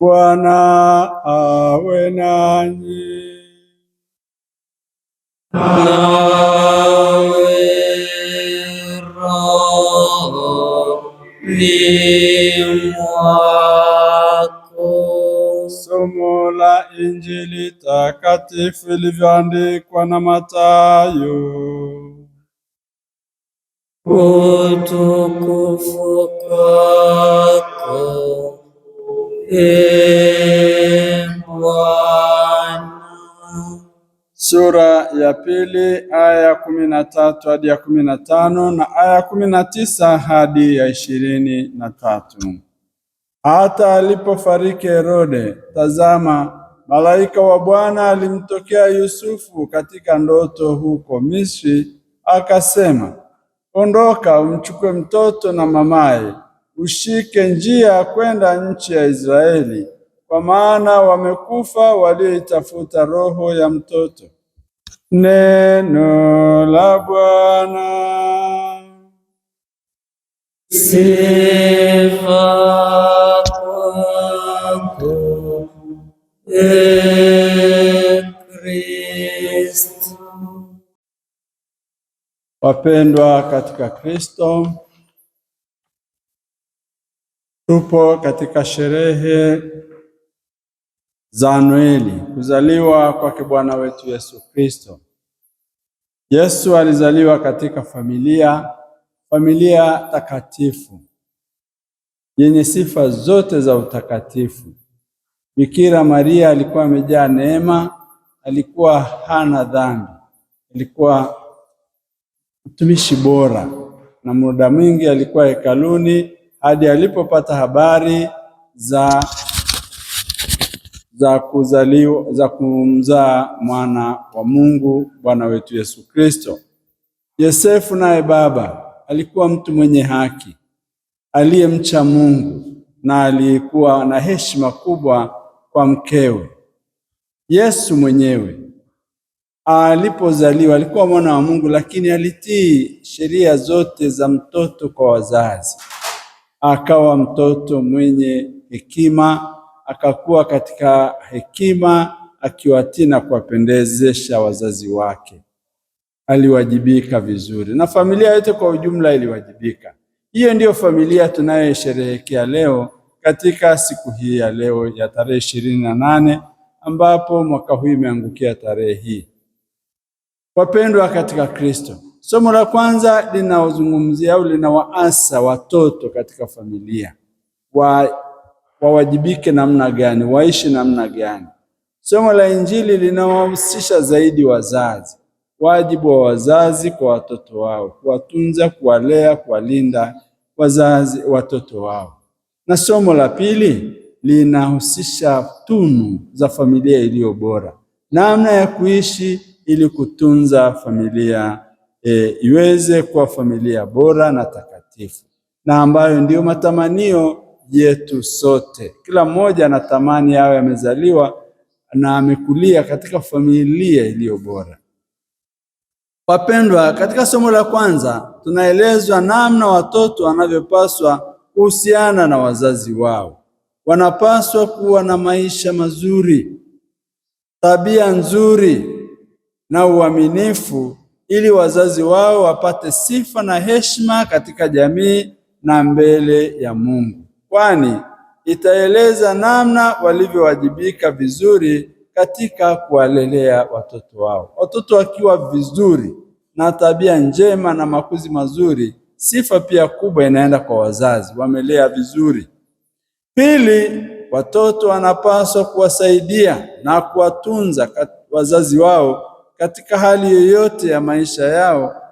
Bwana awe nanyi. Somo la Injili takatifu ilivyoandikwa na matayo Utukufu kwako Bwana. Sura ya pili aya ya kumi na tatu hadi ya kumi na tano na aya ya kumi na tisa hadi ya ishirini na tatu. Hata alipofariki Herode, tazama, malaika wa Bwana alimtokea Yusufu katika ndoto huko Misri, akasema, ondoka umchukue mtoto na mamaye ushike njia kwenda nchi ya Israeli, kwa maana wamekufa walioitafuta roho ya mtoto. Neno la Bwana. Sifa kwako e Kristo. Wapendwa katika Kristo Tupo katika sherehe za noeli kuzaliwa kwake Bwana wetu Yesu Kristo. Yesu alizaliwa katika familia, familia takatifu yenye sifa zote za utakatifu. Bikira Maria alikuwa amejaa neema, alikuwa hana dhambi, alikuwa mtumishi bora, na muda mwingi alikuwa hekaluni hadi alipopata habari za za kuzaliwa za kumzaa mwana wa Mungu Bwana wetu Yesu Kristo. Yosefu naye baba alikuwa mtu mwenye haki aliyemcha Mungu na aliyekuwa na heshima kubwa kwa mkewe. Yesu mwenyewe alipozaliwa alikuwa mwana wa Mungu, lakini alitii sheria zote za mtoto kwa wazazi akawa mtoto mwenye hekima, akakuwa katika hekima, akiwatii na kuwapendezesha wazazi wake. Aliwajibika vizuri na familia yote kwa ujumla iliwajibika. Hiyo ndiyo familia tunayosherehekea leo katika siku hii ya leo ya tarehe ishirini na nane ambapo mwaka huu imeangukia tarehe hii. Wapendwa katika Kristo, Somo la kwanza linawazungumzia au linawaasa watoto katika familia wa wawajibike namna gani, waishi namna gani. Somo la Injili linawahusisha zaidi wazazi, wajibu wa wazazi kwa watoto wao, kuwatunza, kuwalea, kuwalinda wazazi watoto wao. Na somo la pili linahusisha tunu za familia iliyo bora, namna ya kuishi ili kutunza familia e, iweze kuwa familia bora na takatifu na ambayo ndiyo matamanio yetu sote. Kila mmoja anatamani awe amezaliwa na amekulia katika familia iliyo bora. Wapendwa, katika somo la kwanza tunaelezwa namna watoto wanavyopaswa kuhusiana na wazazi wao. Wanapaswa kuwa na maisha mazuri, tabia nzuri na uaminifu ili wazazi wao wapate sifa na heshima katika jamii na mbele ya Mungu, kwani itaeleza namna walivyowajibika vizuri katika kuwalelea watoto wao. Watoto wakiwa vizuri na tabia njema na makuzi mazuri, sifa pia kubwa inaenda kwa wazazi, wamelea vizuri. Pili, watoto wanapaswa kuwasaidia na kuwatunza wazazi wao katika hali yoyote ya maisha yao,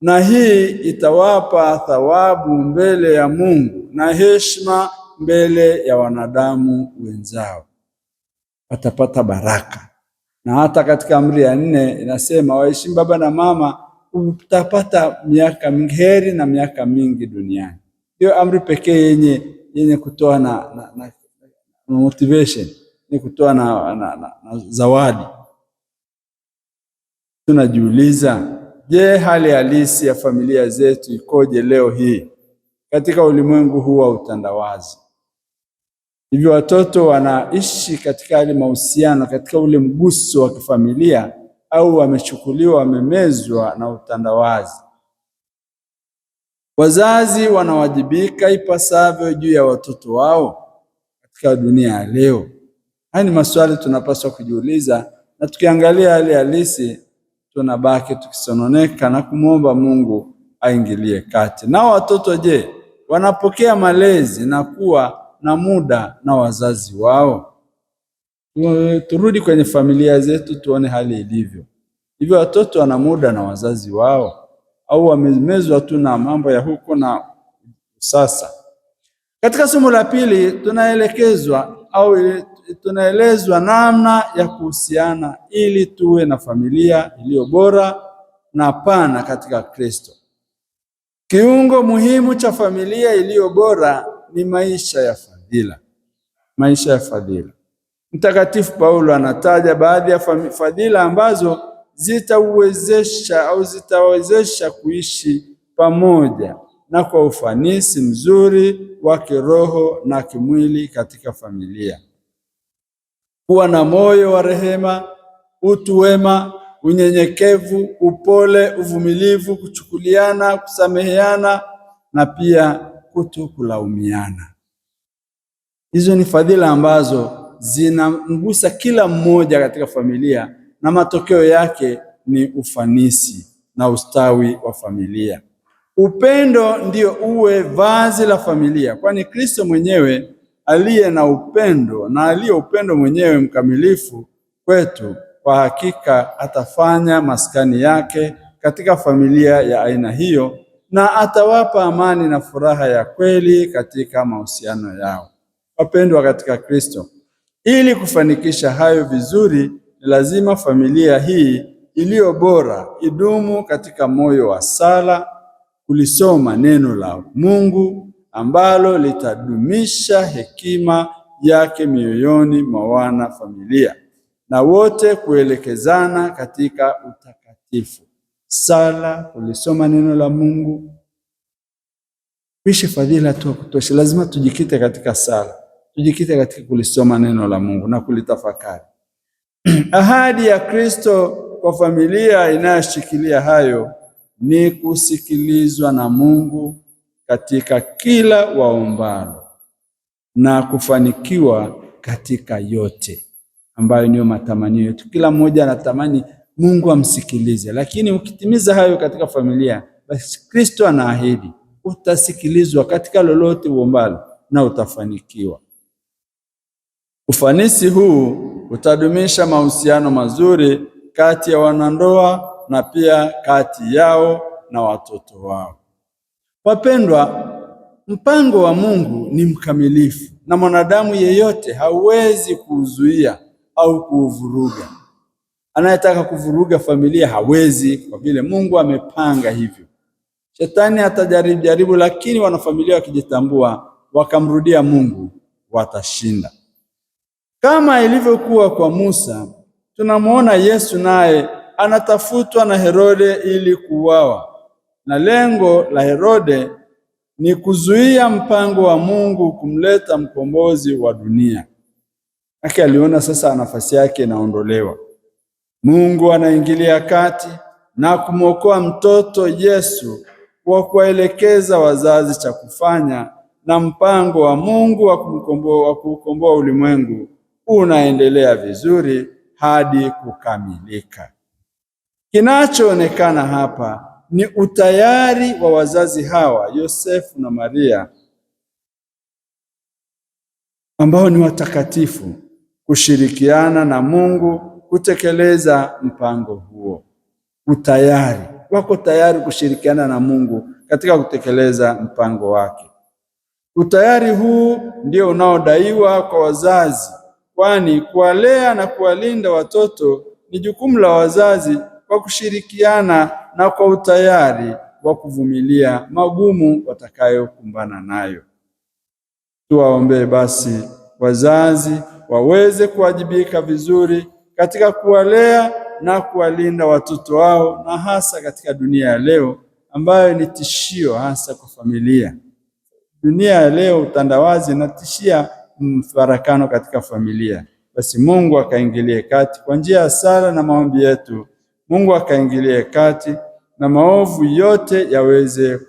na hii itawapa thawabu mbele ya Mungu na heshima mbele ya wanadamu wenzao. Watapata baraka, na hata katika amri ya nne inasema waheshimu baba na mama, utapata miaka mingi, heri na miaka mingi duniani. Hiyo amri pekee yenye yenye kutoa na, na, na motivation ni kutoa na, na, na, na zawadi Tunajiuliza, je, hali halisi ya familia zetu ikoje leo hii katika ulimwengu huu wa utandawazi? Hivyo watoto wanaishi katika hali mahusiano, katika ule mguso wa kifamilia, au wamechukuliwa, wamemezwa na utandawazi? Wazazi wanawajibika ipasavyo juu ya watoto wao katika dunia ya leo? Haya ni maswali tunapaswa kujiuliza, na tukiangalia hali halisi tunabaki tukisononeka na kumwomba Mungu aingilie kati. Nao watoto je, wanapokea malezi na kuwa na muda na wazazi wao? Turudi kwenye familia zetu tuone hali ilivyo. Hivyo watoto wana muda na wazazi wao au wamemezwa tu na mambo ya huko na sasa? Katika somo la pili tunaelekezwa au tunaelezwa namna ya kuhusiana ili tuwe na familia iliyo bora na pana katika Kristo. Kiungo muhimu cha familia iliyo bora ni maisha ya fadhila, maisha ya fadhila. Mtakatifu Paulo anataja baadhi ya fadhila ambazo zitauwezesha au zitawezesha kuishi pamoja na kwa ufanisi mzuri wa kiroho na kimwili katika familia kuwa na moyo wa rehema, utu wema, unyenyekevu, upole, uvumilivu, kuchukuliana, kusameheana na pia kuto kulaumiana. Hizo ni fadhila ambazo zinamgusa kila mmoja katika familia na matokeo yake ni ufanisi na ustawi wa familia. Upendo ndio uwe vazi la familia, kwani Kristo mwenyewe aliye na upendo na aliye upendo mwenyewe mkamilifu kwetu, kwa hakika atafanya maskani yake katika familia ya aina hiyo na atawapa amani na furaha ya kweli katika mahusiano yao. Wapendwa katika Kristo, ili kufanikisha hayo vizuri, ni lazima familia hii iliyo bora idumu katika moyo wa sala, kulisoma neno la Mungu ambalo litadumisha hekima yake mioyoni mwa wana familia na wote kuelekezana katika utakatifu, sala, kulisoma neno la Mungu, kuishi fadhila tu kutosha. Lazima tujikite katika sala, tujikite katika kulisoma neno la Mungu na kulitafakari. Ahadi ya Kristo kwa familia inayoshikilia hayo ni kusikilizwa na Mungu katika kila waombalo na kufanikiwa katika yote ambayo niyo matamanio yetu. Kila mmoja anatamani Mungu amsikilize, lakini ukitimiza hayo katika familia, basi Kristo anaahidi utasikilizwa katika lolote uombalo na utafanikiwa. Ufanisi huu utadumisha mahusiano mazuri kati ya wanandoa na pia kati yao na watoto wao. Wapendwa, mpango wa Mungu ni mkamilifu na mwanadamu yeyote hawezi kuuzuia au kuuvuruga. Anayetaka kuvuruga familia hawezi, kwa vile Mungu amepanga hivyo. Shetani atajaribu jaribu, lakini wanafamilia wakijitambua wakamrudia Mungu watashinda. Kama ilivyokuwa kwa Musa, tunamwona Yesu naye anatafutwa na Herode ili kuuawa na lengo la Herode ni kuzuia mpango wa Mungu kumleta mkombozi wa dunia. Aki aliona sasa nafasi yake inaondolewa. Mungu anaingilia kati na kumwokoa mtoto Yesu kwa kuwaelekeza wazazi cha kufanya, na mpango wa Mungu wa kuukomboa ulimwengu unaendelea vizuri hadi kukamilika. Kinachoonekana hapa ni utayari wa wazazi hawa Yosefu na Maria ambao ni watakatifu kushirikiana na Mungu kutekeleza mpango huo. Utayari wako tayari kushirikiana na Mungu katika kutekeleza mpango wake. Utayari huu ndio unaodaiwa kwa wazazi, kwani kuwalea na kuwalinda watoto ni jukumu la wazazi kwa kushirikiana na kwa utayari wa kuvumilia magumu watakayokumbana nayo. Tuwaombee basi wazazi waweze kuwajibika vizuri katika kuwalea na kuwalinda watoto wao, na hasa katika dunia ya leo ambayo ni tishio hasa kwa familia. Dunia ya leo, utandawazi inatishia mfarakano katika familia. Basi Mungu akaingilie kati kwa njia ya sala na maombi yetu. Mungu akaingilie kati na maovu yote yaweze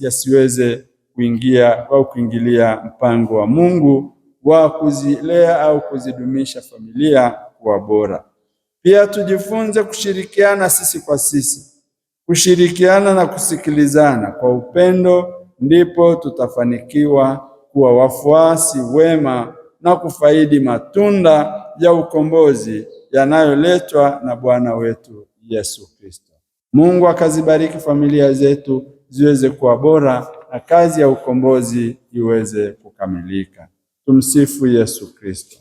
yasiweze kuingia au kuingilia mpango wa Mungu wa kuzilea au kuzidumisha familia kuwa bora. Pia tujifunze kushirikiana sisi kwa sisi, kushirikiana na kusikilizana kwa upendo, ndipo tutafanikiwa kuwa wafuasi wema na kufaidi matunda ya ukombozi yanayoletwa na Bwana wetu Yesu Kristo. Mungu akazibariki familia zetu ziweze kuwa bora na kazi ya ukombozi iweze kukamilika. Tumsifu Yesu Kristo.